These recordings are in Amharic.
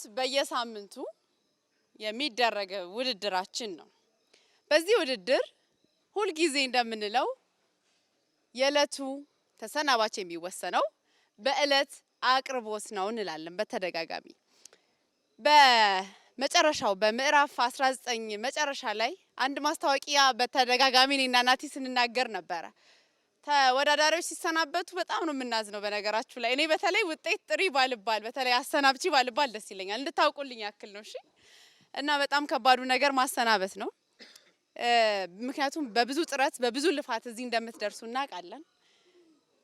ስፖርት በየሳምንቱ የሚደረግ ውድድራችን ነው። በዚህ ውድድር ሁልጊዜ እንደምንለው የዕለቱ ተሰናባች የሚወሰነው በእለት አቅርቦት ነው እንላለን በተደጋጋሚ። በመጨረሻው በምዕራፍ 19 መጨረሻ ላይ አንድ ማስታወቂያ በተደጋጋሚ እኔና ናቲ ስንናገር ነበረ። ተወዳዳሪዎች ሲሰናበቱ በጣም ነው የምናዝነው። በነገራችሁ ላይ እኔ በተለይ ውጤት ጥሪ ባልባል፣ በተለይ አሰናብቺ ባልባል ደስ ይለኛል። እንድታውቁልኝ ያክል ነው። እሺ። እና በጣም ከባዱ ነገር ማሰናበት ነው። ምክንያቱም በብዙ ጥረት በብዙ ልፋት እዚህ እንደምትደርሱ እናውቃለን።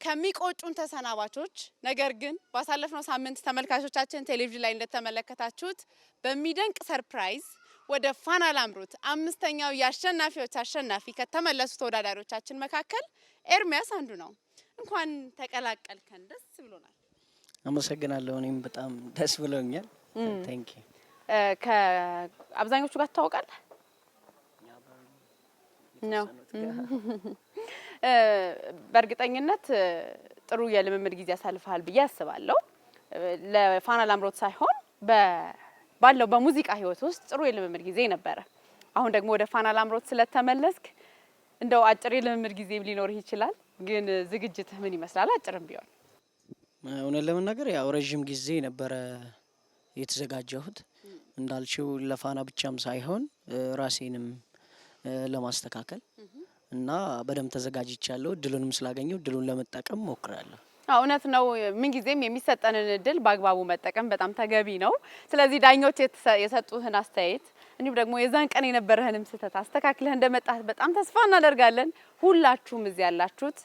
ከሚቆጩን ተሰናባቾች ነገር ግን ባሳለፍነው ሳምንት ተመልካቾቻችን ቴሌቪዥን ላይ እንደተመለከታችሁት በሚደንቅ ሰርፕራይዝ ወደ ፋና ላምሮት አምስተኛው የአሸናፊዎች አሸናፊ ከተመለሱ ተወዳዳሪዎቻችን መካከል ኤርሚያስ አንዱ ነው። እንኳን ተቀላቀልከን፣ ደስ ብሎናል። አመሰግናለሁ። እኔም በጣም ደስ ብሎኛል። ታንኪ ከአብዛኞቹ ጋር ትታወቃለህ ነው? በእርግጠኝነት ጥሩ የልምምድ ጊዜ ያሳልፈሃል ብዬ አስባለሁ። ለፋና ላምሮት ሳይሆን በ ባለው በሙዚቃ ህይወት ውስጥ ጥሩ የልምምድ ጊዜ ነበረ። አሁን ደግሞ ወደ ፋና ላምሮት ስለተመለስክ እንደው አጭር የልምምድ ጊዜ ሊኖርህ ይችላል፣ ግን ዝግጅትህ ምን ይመስላል? አጭርም ቢሆን እውነት ለመናገር ያው ረዥም ጊዜ ነበረ የተዘጋጀሁት እንዳልችው ለፋና ብቻም ሳይሆን ራሴንም ለማስተካከል እና በደንብ ተዘጋጅቻለሁ። ድሉንም ስላገኘው ድሉን ለመጠቀም ሞክራለሁ። እውነት ነው። ምንጊዜም የሚሰጠንን እድል በአግባቡ መጠቀም በጣም ተገቢ ነው። ስለዚህ ዳኞች የሰጡህን አስተያየት እንዲሁም ደግሞ የዛን ቀን የነበረህንም ስህተት አስተካክለህ እንደመጣህ በጣም ተስፋ እናደርጋለን። ሁላችሁም እዚህ ያላችሁት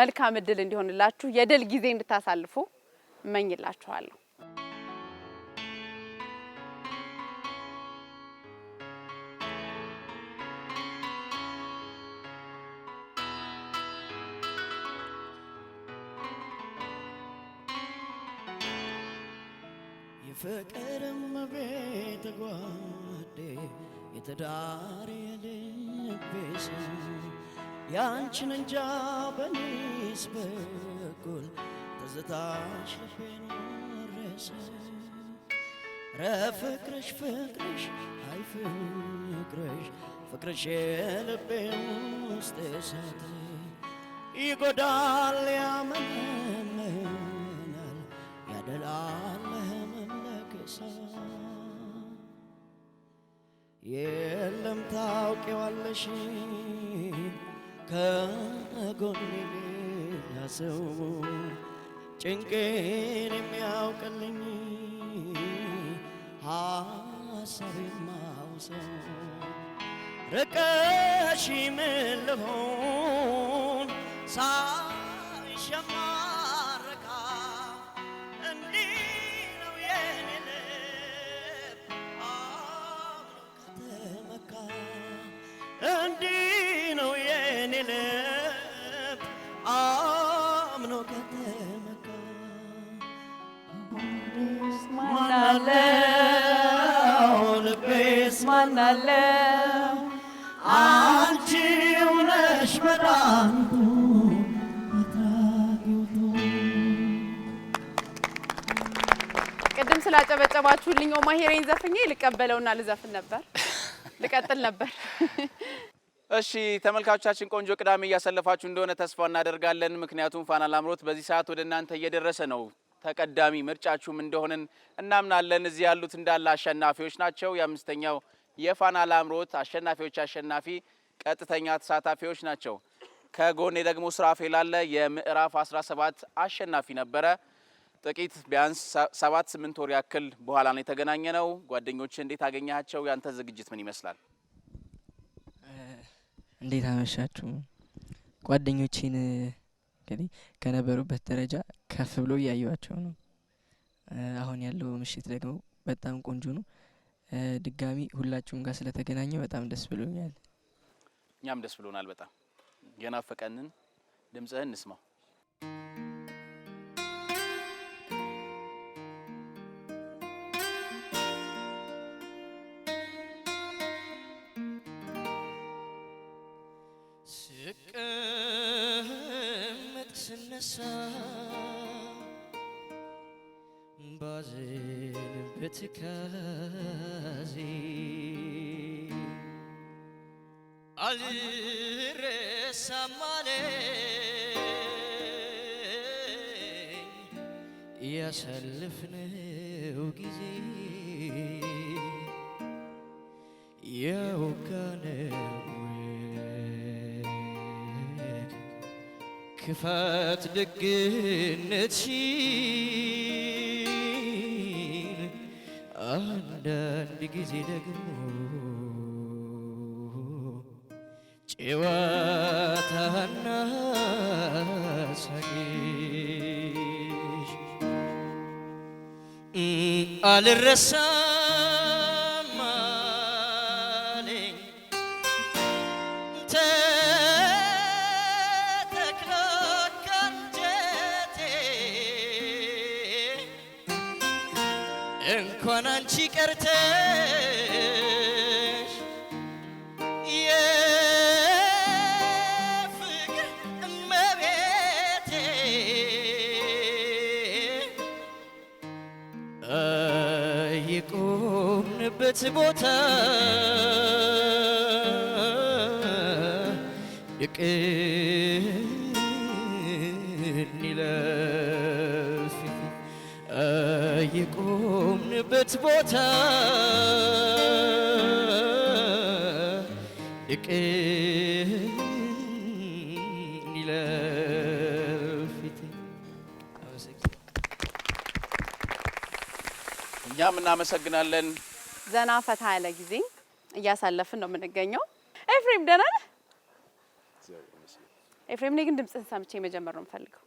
መልካም እድል እንዲሆንላችሁ የድል ጊዜ እንድታሳልፉ እመኝላችኋለሁ። ፍቅርም ቤት ጓዴ የተዳር የልቤስ ያንቺን እንጃ በኔስ በኩል ትዝታሽ ልቤን ወረሰ። ረ ፍቅርሽ ፍቅርሽ አይ ፍቅርሽ ፍቅርሽ የልቤ ውስጥ እሳት ይጎዳል፣ ያመናል፣ ያደላል የለም ታውቂዋለሽ ከጎኔ ሌላ ሰው ጭንቄን የሚያውቅልኝ ሀሳቤን ማውሰው ርቀሽ ምን ልሆን ሳይሸማ አምናለሁ አንቺ ውነሽ መድኃኒቱ ቅድም ስላጨበጨባችሁልኝ ማሄሬን ዘፍኜ ልቀበለውና ልዘፍን ነበር ልቀጥል ነበር እሺ ተመልካቾቻችን ቆንጆ ቅዳሜ እያሳለፋችሁ እንደሆነ ተስፋ እናደርጋለን። ምክንያቱም ፋና ላምሮት በዚህ ሰዓት ወደ እናንተ እየደረሰ ነው። ተቀዳሚ ምርጫችሁም እንደሆንን እናምናለን። እዚህ ያሉት እንዳለ አሸናፊዎች ናቸው። የአምስተኛው የፋና ላምሮት አሸናፊዎች አሸናፊ ቀጥተኛ ተሳታፊዎች ናቸው። ከጎኔ ደግሞ ስራፌል አለ የምዕራፍ 17 አሸናፊ ነበረ። ጥቂት ቢያንስ ሰባት ስምንት ወር ያክል በኋላ ነው የተገናኘ ነው። ጓደኞች እንዴት አገኘሃቸው? ያንተ ዝግጅት ምን ይመስላል? እንዴት አመሻችሁ? ጓደኞቼን እንግዲህ ከነበሩበት ደረጃ ከፍ ብሎ እያየዋቸው ነው። አሁን ያለው ምሽት ደግሞ በጣም ቆንጆ ነው። ድጋሚ ሁላችሁም ጋር ስለተገናኘ በጣም ደስ ብሎኛል። እኛም ደስ ብሎናል። በጣም የናፈቀንን ድምጽህን እንስማው። ስቀመጥ ስነሳ በትካዜ አልረሳም ያሳለፍነው ጊዜ የወጋነው ክፋት ደግነት አንዳንድ ጊዜ ደግሞ ጭዋታና ሳቂሽ አልረሳ ሰርተሽ የፍቅር እመቤቴ ይቁምንበት ቦታ ይቅን ይለፍ ይቁም ባለህበት ቦታ ድቅን ይላል ፊቴ። እኛም እናመሰግናለን። ዘና ፈታ ያለ ጊዜ እያሳለፍን ነው የምንገኘው። ኤፍሬም ደህና ነህ? ኤፍሬም፣ እኔ ግን ድምፅህን ሰምቼ መጀመር ነው የምፈልገው።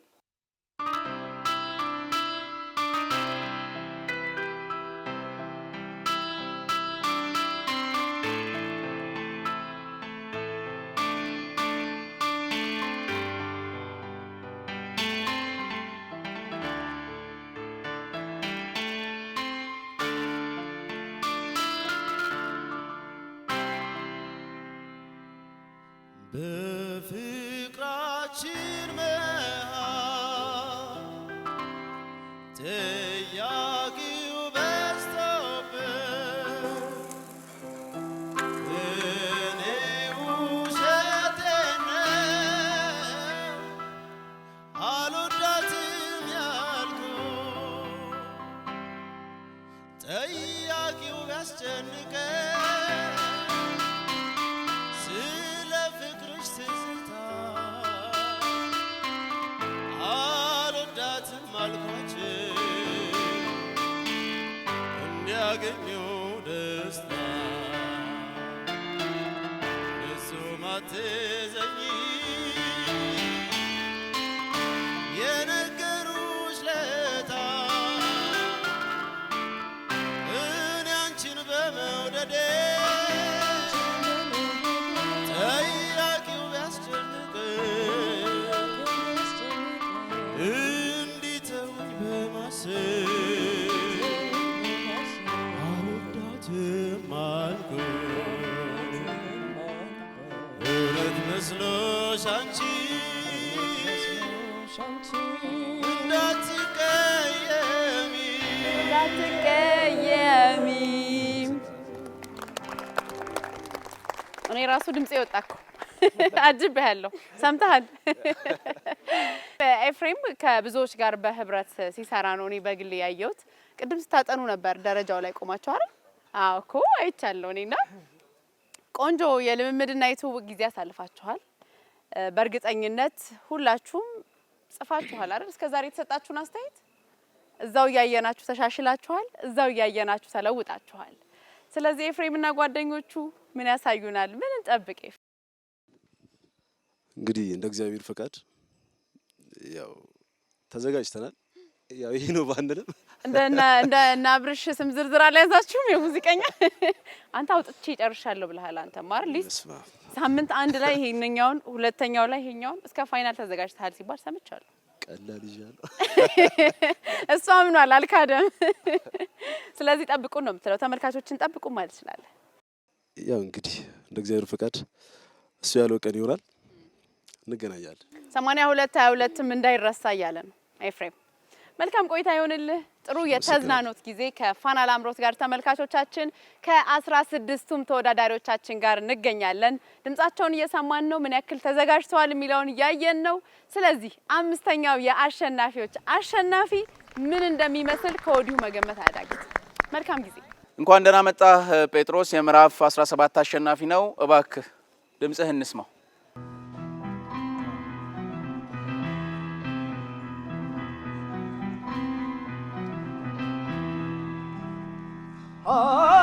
በፍቅራችን ድምጽ የወጣ እኮ አጅብ ያለው ሰምተሃል። ኤፍሬም ከብዙዎች ጋር በህብረት ሲሰራ ነው እኔ በግል ያየሁት። ቅድም ስታጠኑ ነበር ደረጃው ላይ ቆማችሁ አይደል? አዎ እኮ አይቻለሁ። እኔና ቆንጆ የልምምድና የትውውቅ ጊዜ አሳልፋችኋል። በእርግጠኝነት ሁላችሁም ጽፋችኋል አይደል? እስከዛሬ የተሰጣችሁን አስተያየት እዛው እያየናችሁ ተሻሽላችኋል፣ እዛው እያየናችሁ ተለውጣችኋል። ስለዚህ እና ጓደኞቹ ምን ያሳዩናል? ምን እንጠብቅ? እንግዲህ እንደ እግዚአብሔር ፈቃድ ያው ተዘጋጅተናል። ያው ይሄ ነው ባንልም እንደ እነ አብርሽ ስም ዝርዝር አልያዛችሁም። የሙዚቀኛ አንተ አውጥቼ ጨርሻለሁ ብለሃል። አንተ ማር ሊስት ሳምንት አንድ ላይ ይሄንኛውን፣ ሁለተኛው ላይ ይሄኛውን እስከ ፋይናል ተዘጋጅተሃል ሲባል ሰምቻለሁ። ቀላል ይዣለሁ። እሷ አምኗል፣ አልካደም። ስለዚህ ጠብቁን ነው የምትለው። ተመልካቾችን ጠብቁ ማለት እችላለሁ። ያው እንግዲህ እንደ እግዚአብሔር ፈቃድ እሱ ያለው ቀን ይሆናል። እንገናኛለን። ሰማንያ ሁለት ሀያ ሁለትም እንዳይረሳ እያለ ነው ኤፍሬም። መልካም ቆይታ ይሆንልህ። ጥሩ የተዝናኖት ጊዜ ከፋና ላምሮት ጋር ተመልካቾቻችን ከአስራ ስድስቱም ተወዳዳሪዎቻችን ጋር እንገኛለን። ድምጻቸውን እየሰማን ነው። ምን ያክል ተዘጋጅተዋል የሚለውን እያየን ነው። ስለዚህ አምስተኛው የአሸናፊዎች አሸናፊ ምን እንደሚመስል ከወዲሁ መገመት አያዳግት። መልካም ጊዜ። እንኳን ደህና መጣህ ጴጥሮስ። የምዕራፍ 17 አሸናፊ ነው። እባክህ ድምጽህ እንስማው። 啊。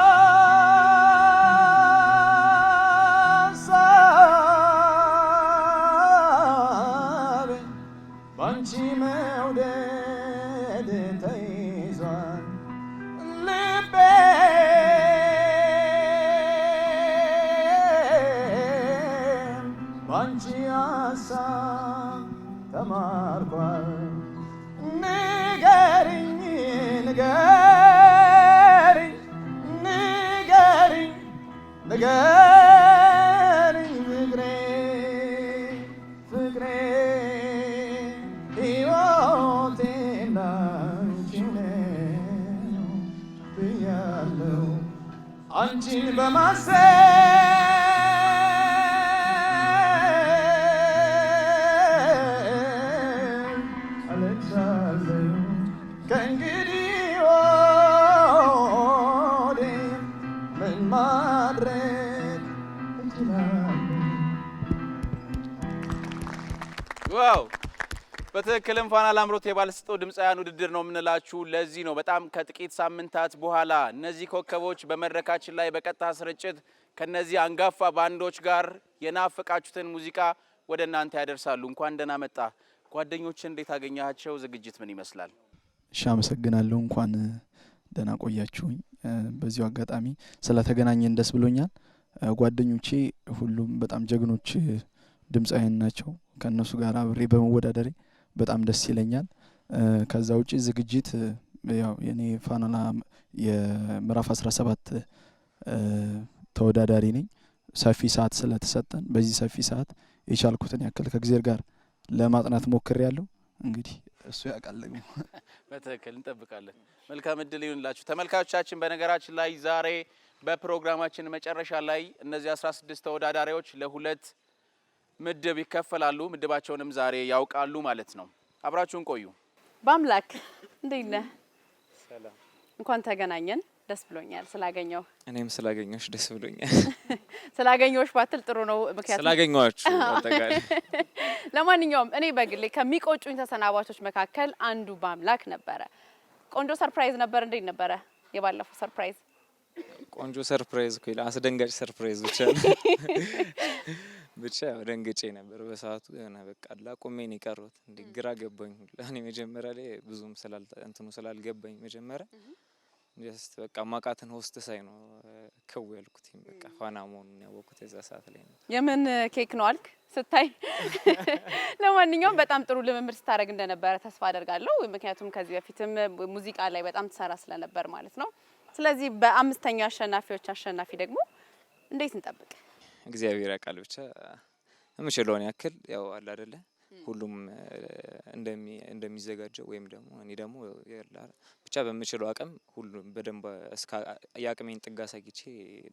ይህም ፋና ላምሮት የባለስልጣን ድምፃውያን ውድድር ነው የምንላችሁ ለዚህ ነው። በጣም ከጥቂት ሳምንታት በኋላ እነዚህ ኮከቦች በመድረካችን ላይ በቀጥታ ስርጭት ከነዚህ አንጋፋ ባንዶች ጋር የናፈቃችሁትን ሙዚቃ ወደ እናንተ ያደርሳሉ። እንኳን ደህና መጣ። ጓደኞች እንዴት አገኛቸው? ዝግጅት ምን ይመስላል? እሺ፣ አመሰግናለሁ። እንኳን ደህና ቆያችሁኝ። በዚሁ አጋጣሚ ስለተገናኘን ደስ ብሎኛል። ጓደኞቼ ሁሉም በጣም ጀግኖች ድምፃውያን ናቸው። ከእነሱ ጋር አብሬ በመወዳደሬ በጣም ደስ ይለኛል። ከዛ ውጪ ዝግጅት ያው የኔ ፋናና የምዕራፍ አስራ ሰባት ተወዳዳሪ ነኝ። ሰፊ ሰዓት ስለተሰጠን በዚህ ሰፊ ሰዓት የቻልኩትን ያክል ከእግዜር ጋር ለማጥናት ሞክሬ ያለው እንግዲህ እሱ ያውቃል። በትክክል እንጠብቃለን። መልካም እድል ይሁንላችሁ ተመልካቾቻችን። በነገራችን ላይ ዛሬ በፕሮግራማችን መጨረሻ ላይ እነዚህ አስራ ስድስት ተወዳዳሪዎች ለሁለት ምድብ ይከፈላሉ። ምድባቸውንም ዛሬ ያውቃሉ ማለት ነው። አብራችሁን ቆዩ። በአምላክ እንዴት ነህ? እንኳን ተገናኘን። ደስ ብሎኛል ስላገኘው። እኔም ስላገኘሽ ደስ ብሎኛል። ስላገኘሽ ባትል ጥሩ ነው፣ ምክንያቱም ስላገኘኋችሁ። ለማንኛውም እኔ በግሌ ከሚቆጩኝ ተሰናባቾች መካከል አንዱ በአምላክ ነበረ። ቆንጆ ሰርፕራይዝ ነበር። እንዴት ነበረ የባለፈው ሰርፕራይዝ? ቆንጆ ሰርፕራይዝ እኮ አስደንጋጭ ሰርፕራይዝ ብቻ ነው። ብቻ ያው ደንግጬ ነበር በሰዓቱ የሆነ በቃ አላ ቆሜ ነው የቀረሁት። እንዲ ግራ ገባኝ ሁላ መጀመሪያ ላይ ብዙም እንትኑ ስላልገባኝ መጀመሪያ ጀስት በቃ ማቃትን ሆስት ሳይ ነው ከው ያልኩት። በቃ ፋና መሆኑን ያወቅኩት የዛ ሰዓት ላይ ነው። የምን ኬክ ነው አልክ ስታይ። ለማንኛውም በጣም ጥሩ ልምምድ ስታደርግ እንደነበረ ተስፋ አደርጋለሁ። ምክንያቱም ከዚህ በፊትም ሙዚቃ ላይ በጣም ትሰራ ስለነበር ማለት ነው። ስለዚህ በአምስተኛው አሸናፊዎች አሸናፊ ደግሞ እንዴት እንጠብቅ? እግዚአብሔር ያውቃል። ብቻ የምችለውን ያክል ያው አለ አደለ ሁሉም እንደሚዘጋጀው ወይም ደግሞ እኔ ደግሞ ብቻ በምችለው አቅም ሁሉም በደንብ የአቅሜን ጥግ አሳይቼ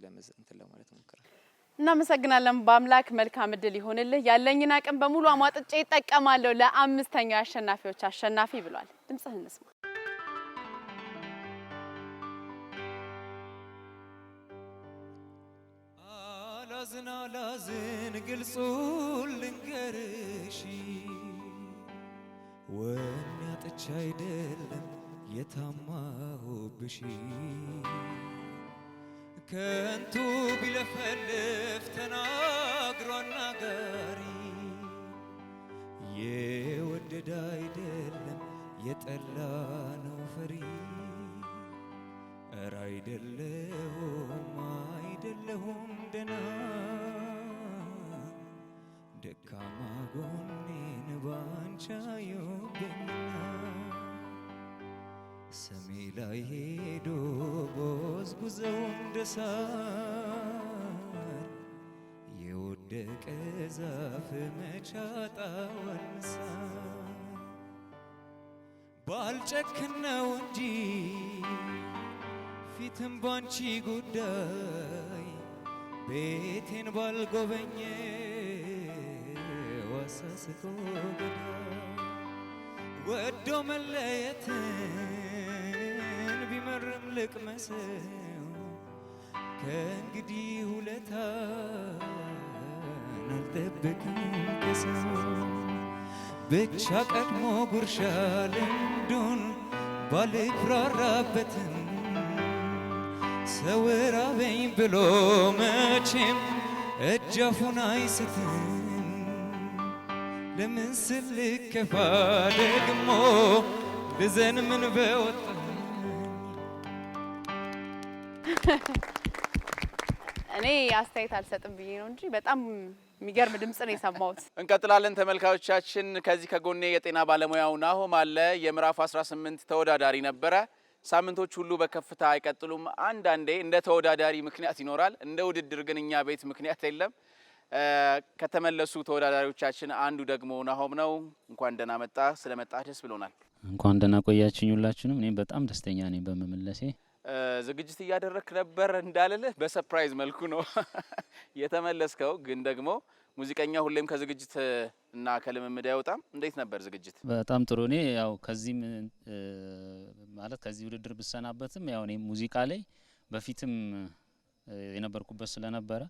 ለመዘንትን ለማለት ሞክራል። እናመሰግናለን። በአምላክ መልካም እድል ይሆንልህ። ያለኝን አቅም በሙሉ አሟጥጬ ይጠቀማለሁ። ለአምስተኛው የአሸናፊዎች አሸናፊ ብሏል። ድምጽህን እንስማ። ላዝን አላዝን ግልጹን ልንገርሽ ወኔ አጥቼ አይደለም የታማሁብሽ ከንቱ ቢለፈልፍ ተናግሮ አናጋሪ የወደደ አይደለም የጠላ ነው ፈሪ እረ አይደለሁማ አይደለሁም ደና ደካማ ጎኔን ባንቻ ሰሜ ላይ ሄዶ ቦዝ ጉዘው እንደሳር የወደቀ ዛፍ መቻጣወንሳ ባልጨክነው እንጂ ፊትም ባንቺ ጉዳይ ቤቴን ባልጎበኘ ዋሳስቆ ገዳ ወዶ መለየትን ቢመርም ልቅመሰው ከእንግዲህ ውለታን አልጠብቅም ከሰው ብቻ ቀድሞ ጉርሻ ልምዱን ባልኩራራበትም ሰው ራበኝ ብሎ መቼም እጅ አፉን አይስትም። ለምን ስልከፋ ደግሞ ልዘን ምን በወጣ እኔ አስተያየት አልሰጥም ብዬ ነው እንጂ በጣም የሚገርም ድምፅ ነው የሰማሁት። እንቀጥላለን ተመልካቾቻችን ከዚህ ከጎኔ የጤና ባለሙያው ናሆም አለ የምዕራፍ 18 ተወዳዳሪ ነበረ። ሳምንቶች ሁሉ በከፍታ አይቀጥሉም። አንዳንዴ እንደ ተወዳዳሪ ምክንያት ይኖራል፣ እንደ ውድድር ግን እኛ ቤት ምክንያት የለም። ከተመለሱ ተወዳዳሪዎቻችን አንዱ ደግሞ ናሆም ነው። እንኳን ደህና መጣ። ስለመጣ ደስ ብሎናል። እንኳን ደህና ቆያችኝ ሁላችንም። እኔም በጣም ደስተኛ ነኝ በመመለሴ። ዝግጅት እያደረክ ነበር እንዳልልህ በሰፕራይዝ መልኩ ነው የተመለስከው፣ ግን ደግሞ ሙዚቀኛ ሁሌም ከዝግጅት እና ከልምምድ አይወጣም። እንዴት ነበር ዝግጅት? በጣም ጥሩ። እኔ ያው ከዚህም ማለት ከዚህ ውድድር ብሰናበትም ያው እኔ ሙዚቃ ላይ በፊትም የነበርኩበት ስለነበረ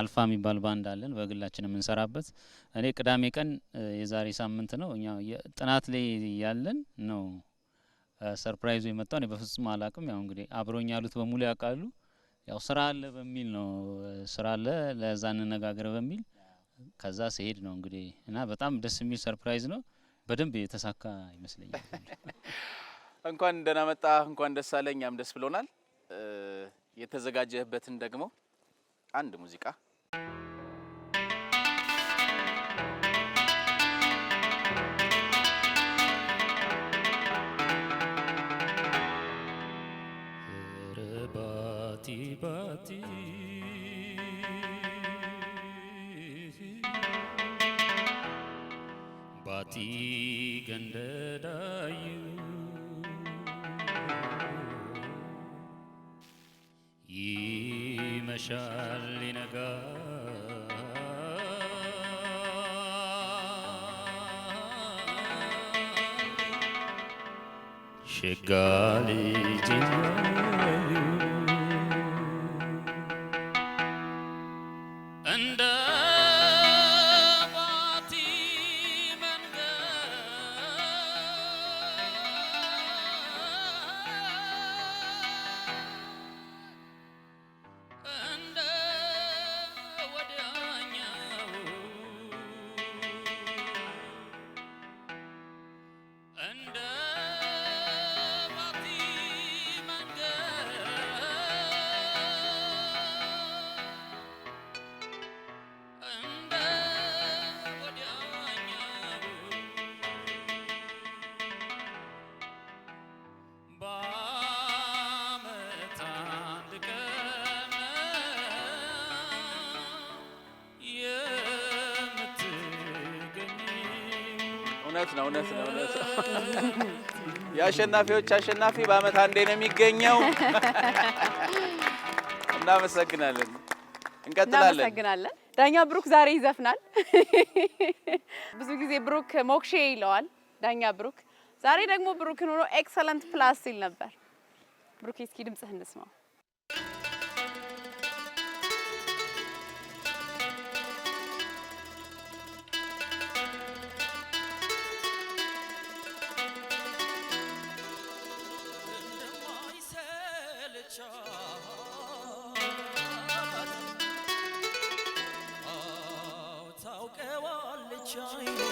አልፋ የሚባል ባንድ አለን በግላችን የምንሰራበት። እኔ ቅዳሜ ቀን የዛሬ ሳምንት ነው እኛ ጥናት ላይ ያለን ነው ሰርፕራይዙ የመጣው። እኔ በፍጹም አላቅም። ያው እንግዲህ አብሮኝ ያሉት በሙሉ ያውቃሉ። ያው ስራ አለ በሚል ነው ስራ አለ ለዛ እንነጋገር በሚል ከዛ ስሄድ ነው እንግዲህ እና በጣም ደስ የሚል ሰርፕራይዝ ነው። በደንብ የተሳካ ይመስለኛል። እንኳን ደህና መጣ፣ እንኳን ደስ አለ። እኛም ደስ ብሎናል። የተዘጋጀህበትን ደግሞ አንድ ሙዚቃ ባቲ ባቲ Pati Gandadayu Yima Shalinaga Shigali እውነት ነው፣ እውነት ነው፣ ነው። የአሸናፊዎች አሸናፊ በአመት አንዴ ነው የሚገኘው። እናመሰግናለን። እንቀጥላለን። እናመሰግናለን። ዳኛ ብሩክ ዛሬ ይዘፍናል። ብዙ ጊዜ ብሩክ ሞክሼ ይለዋል ዳኛ ብሩክ። ዛሬ ደግሞ ብሩክን ሆኖ ኤክሰለንት ፕላስ ሲል ነበር። ብሩክ፣ እስኪ ድምጽህ እንስማው። ታውቀዋለች አይኔ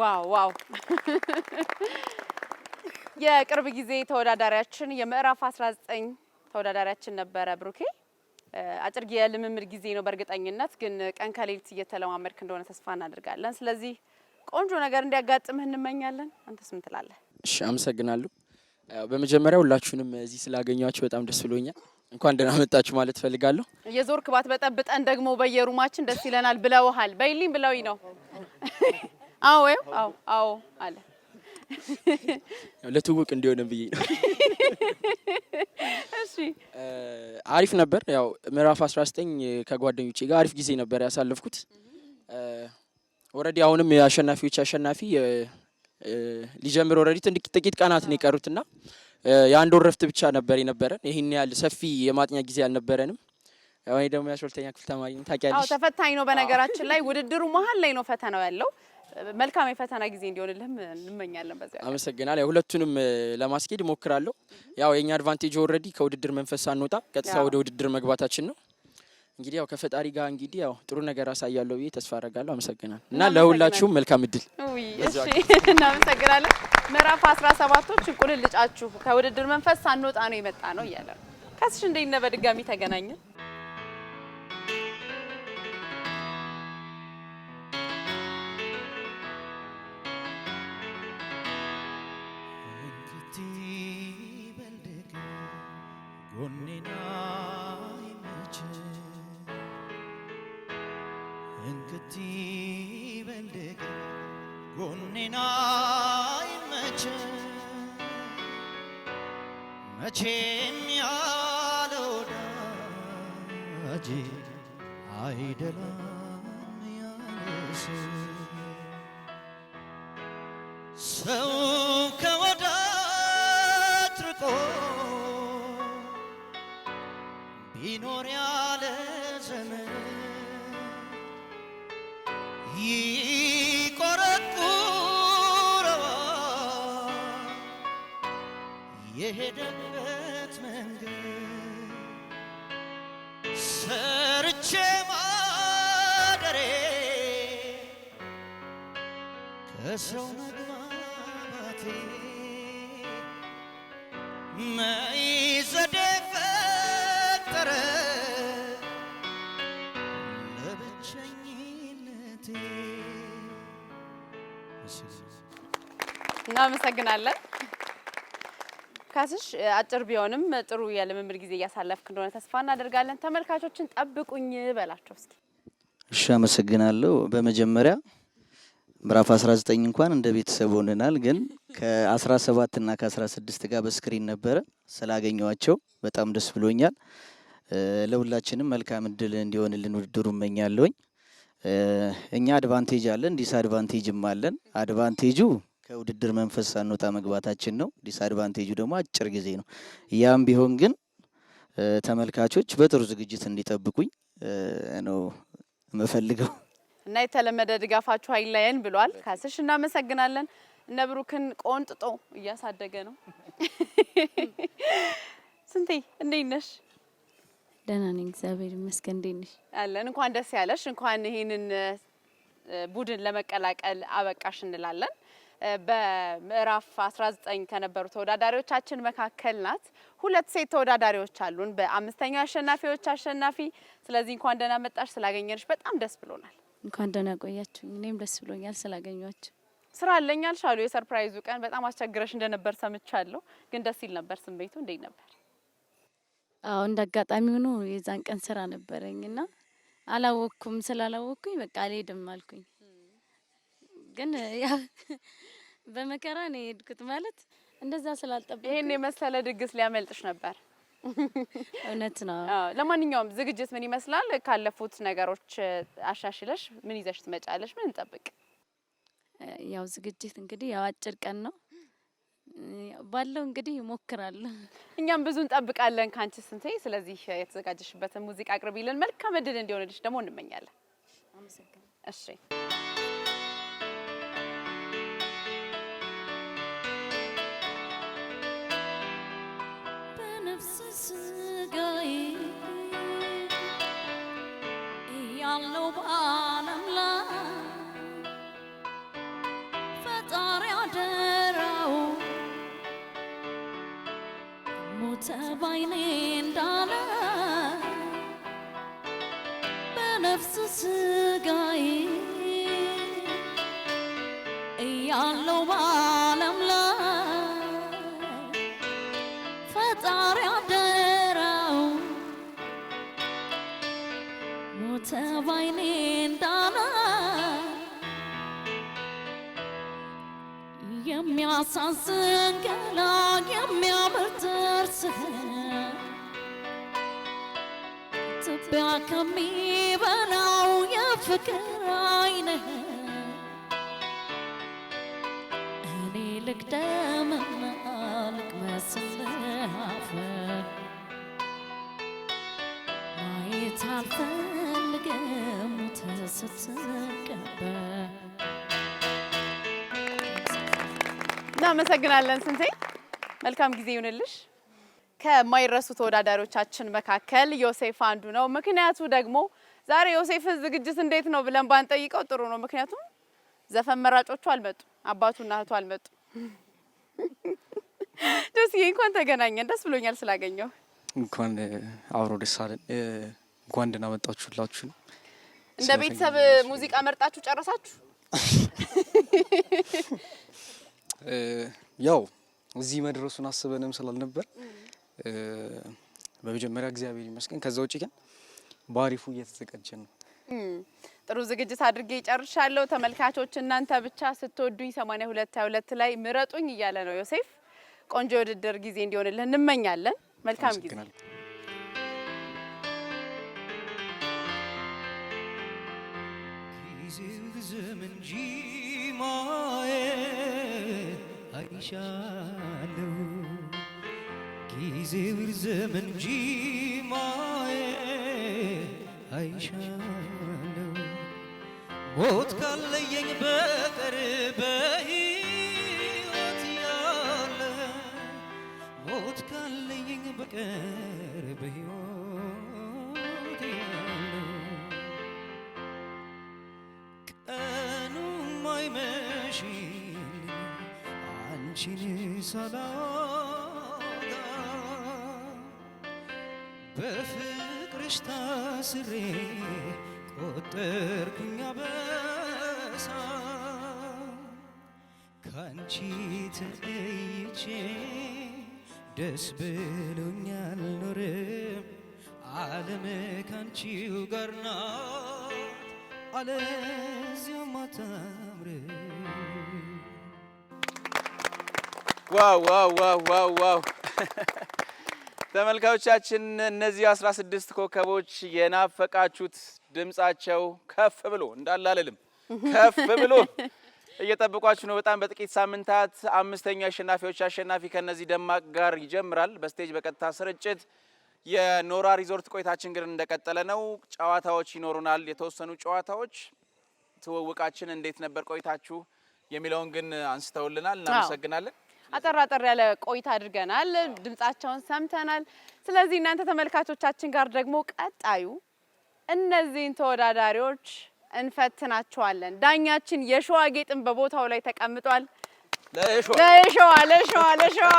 ዋው ዋው! የቅርብ ጊዜ ተወዳዳሪያችን የምዕራፍ 19 ተወዳዳሪያችን ነበረ ብሩኬ። አጭር የልምምድ ጊዜ ነው በእርግጠኝነት ግን ቀን ከሌሊት እየተለማመድክ እንደሆነ ተስፋ እናደርጋለን። ስለዚህ ቆንጆ ነገር እንዲያጋጥምህ እንመኛለን። አንተስ ምን ትላለህ? እሺ፣ አመሰግናለሁ። በመጀመሪያ ሁላችሁንም እዚህ ስላገኛችሁ በጣም ደስ ብሎኛል። እንኳን ደህና መጣችሁ ማለት ፈልጋለሁ። የዞር ክባት በጠብጠን ደግሞ በየሩማችን ደስ ይለናል ብለውሃል። በይልኝ ብለውኝ ነው አዎ አዎ አዎ አለ። ለትውውቅ እንዲሆነ ብዬ ነው። እሺ አሪፍ ነበር። ያው ምዕራፍ 19 ከጓደኞቼ ጋር አሪፍ ጊዜ ነበር ያሳለፍኩት። ኦልሬዲ አሁንም የአሸናፊዎች አሸናፊ ሊጀምር ኦልሬዲ ጥቂት ቀናት ነው የቀሩትና የአንድ ወር ረፍት ብቻ ነበር የነበረን። ይህን ያህል ሰፊ የማጥኛ ጊዜ አልነበረንም። ወይ ደግሞ የአስራ ሁለተኛ ክፍል ተማሪ ታውቂያለሽ፣ ተፈታኝ ነው። በነገራችን ላይ ውድድሩ መሀል ላይ ነው ፈተናው ያለው። መልካም የፈተና ጊዜ እንዲሆንልህም እንመኛለን። በዚ አመሰግናል። ሁለቱንም ለማስኬድ ሞክራለሁ። ያው የእኛ አድቫንቴጅ ኦልሬዲ ከውድድር መንፈስ አንወጣ ቀጥታ ወደ ውድድር መግባታችን ነው። እንግዲህ ያው ከፈጣሪ ጋር እንግዲህ ያው ጥሩ ነገር አሳያለሁ ብዬ ተስፋ አረጋለሁ። አመሰግናል እና ለሁላችሁም መልካም እድል። እናመሰግናለን። ምዕራፍ አስራ ሰባቶች እንቁልልጫችሁ ከውድድር መንፈስ ሳንወጣ ነው የመጣ ነው እያለ ነው። ከስሽ እንዴት ነህ? በድጋሚ ተገናኘን። ጎኔና ይመች እንክቲ በልቅ ጎኔና መቼም ያለ ወዳጅ ያለ ሰው ቢኖር ያለ ዘመን ይቆረቁረዋል የሄደበት መንገድ ሰርቼ ማደሬ ከሰው መግባቴ በብቸኝነቴ። እናመሰግናለን። ካስሽ አጭር ቢሆንም ጥሩ የልምምድ ጊዜ እያሳለፍክ እንደሆነ ተስፋ እናደርጋለን። ተመልካቾችን ጠብቁኝ በላቸው እስኪ። እሺ፣ አመሰግናለሁ። በመጀመሪያ ምዕራፍ 19 እንኳን እንደ ቤተሰብ ሆንናል ግን ከ17 እና ከ16 ጋር በስክሪን ነበረ። ስላገኘዋቸው በጣም ደስ ብሎኛል። ለሁላችንም መልካም እድል እንዲሆንልን ውድድሩ እመኛለሁኝ። እኛ አድቫንቴጅ አለን፣ ዲስ አድቫንቴጅም አለን። አድቫንቴጁ ከውድድር መንፈስ ሳንወጣ መግባታችን ነው። ዲስ አድቫንቴጁ ደግሞ አጭር ጊዜ ነው። ያም ቢሆን ግን ተመልካቾች በጥሩ ዝግጅት እንዲጠብቁኝ ነው የምፈልገው እና የተለመደ ድጋፋችሁ አይለየን ብሏል። ካስሽ እናመሰግናለን። እነ ብሩክን ቆንጥጦ እያሳደገ ነው። ስንቴ እንዴት ነሽ? ደህና ነኝ፣ እግዚአብሔር ይመስገን። እንዴት ነሽ? አለን። እንኳን ደስ ያለሽ፣ እንኳን ይህንን ቡድን ለመቀላቀል አበቃሽ እንላለን። በምዕራፍ 19 ከነበሩ ተወዳዳሪዎቻችን መካከል ናት። ሁለት ሴት ተወዳዳሪዎች አሉን፣ በአምስተኛው አሸናፊዎች አሸናፊ። ስለዚህ እንኳን ደህና መጣሽ፣ ስላገኘንሽ በጣም ደስ ብሎናል። እንኳን ደህና ቆያችሁ። እኔም ደስ ብሎኛል ስላገኘኋችሁ። ስራ አለኛል ሻሉ የሰርፕራይዙ ቀን በጣም አስቸግረሽ እንደነበር ሰምቻለሁ፣ ግን ደስ ይል ነበር ስሜቱ። እንዴት ነበር? አዎ እንደ አጋጣሚ ሆኖ የዛን ቀን ስራ ነበረኝ እና አላወቅኩም። ስላላወቅኩኝ በቃ አልሄድም አልኩኝ። ግን ያው በመከራ ነው የሄድኩት ማለት እንደዛ ስላልጠበቅ ይሄን የመሰለ ድግስ ሊያመልጥሽ ነበር። እውነት ነው። ለማንኛውም ዝግጅት ምን ይመስላል? ካለፉት ነገሮች አሻሽለሽ ምን ይዘሽ ትመጫለሽ? ምን እንጠብቅ? ያው ዝግጅት እንግዲህ ያው አጭር ቀን ነው ባለው እንግዲህ ይሞክራል እኛም ብዙ እንጠብቃለን ከአንቺ ስንቴ። ስለዚህ የተዘጋጀሽበትን ሙዚቃ አቅርቢልን። መልካም እድል እንዲሆንልሽ ደግሞ እንመኛለን። እሺ በነፍስ ስጋዬ እያለው በአለም ተባይኔ እንዳለ በነፍስ ስጋዬ እያለው በዓለም ላይ ፈጣሪ አደረው ሞተ ባይኔ እንዳለ የሚያሳዝን ገላ የሚያበርት ራስህን ትቢያ ከሚበላው የፍቅር አይንህ እኔ ልቅደምና ልቅመስልህ አፈር ማየት አልፈልግም ሞተህ እናመሰግናለን ስንቴ መልካም ጊዜ ይሁንልሽ። ከማይረሱ ተወዳዳሪዎቻችን መካከል ዮሴፍ አንዱ ነው። ምክንያቱ ደግሞ ዛሬ ዮሴፍ ዝግጅት እንዴት ነው ብለን ባንጠይቀው ጥሩ ነው። ምክንያቱም ዘፈን መራጮቹ አልመጡ፣ አባቱና እህቱ አልመጡ። ደስዬ እንኳን ተገናኘን፣ ደስ ብሎኛል ስላገኘው። እንኳን አብሮ ደስ አለን። እንኳን ደህና መጣችሁ እንደ ቤተሰብ ሙዚቃ መርጣችሁ ጨረሳችሁ? ያው እዚህ መድረሱን አስበንም ስላልነበር በመጀመሪያ እግዚአብሔር ይመስገን። ከዛ ውጭ ግን በአሪፉ እየተዘጋጀ ነው። ጥሩ ዝግጅት አድርጌ ጨርሻለሁ። ተመልካቾች እናንተ ብቻ ስትወዱኝ 82 ሁለት ላይ ምረጡኝ እያለ ነው ዮሴፍ። ቆንጆ የውድድር ጊዜ እንዲሆንልህ እንመኛለን። መልካም ጊዜ ዝም እንጂ ማየ አይሻለ ጊዜው ይርዘም እንጂ ማዬ አይሻለው ሞት ካለየኝ በቀር በሕይወት ያለ ሞት ካለየኝ በቀር በሕይወት ያለ ቀኑም አይመሽል አንቺን ሳላ በፍቅርሽ ታስሬ ቆጠርኩኝ አበሳ ካንቺ ተለይቼ ደስ ብሎኝ አልኖርም። ዓለም ካንቺው ጋር ናት አለዚያም አታምርም። ዋው ዋው ዋው ዋው ዋው ተመልካዮቻችን እነዚህ 16 ኮከቦች የናፈቃችሁት ድምጻቸው ከፍ ብሎ እንዳለ ከፍ ብሎ እየጠበቋችሁ ነው። በጣም በጥቂት ሳምንታት አምስተኛው አሸናፊዎች አሸናፊ ከነዚህ ደማቅ ጋር ይጀምራል በስቴጅ በቀጥታ ስርጭት። የኖራ ሪዞርት ቆይታችን ግን እንደቀጠለ ነው። ጨዋታዎች ይኖሩናል፣ የተወሰኑ ጨዋታዎች። ትውውቃችን እንዴት ነበር ቆይታችሁ የሚለውን ግን አንስተውልናል። እናመሰግናለን። አጠራጠር ያለ ቆይታ አድርገናል፣ ድምጻቸውን ሰምተናል። ስለዚህ እናንተ ተመልካቾቻችን ጋር ደግሞ ቀጣዩ እነዚህን ተወዳዳሪዎች እንፈትናቸዋለን። ዳኛችን የሸዋ ጌጥን በቦታው ላይ ተቀምጧል። ለሸዋ ለሸዋ ለሸዋ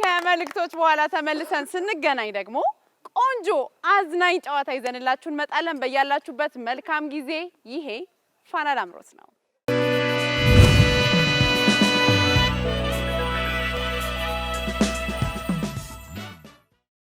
ከመልእክቶች በኋላ ተመልሰን ስንገናኝ ደግሞ ቆንጆ አዝናኝ ጨዋታ ይዘንላችሁ እንመጣለን። በያላችሁበት መልካም ጊዜ። ይሄ ፋና ላምሮት ነው።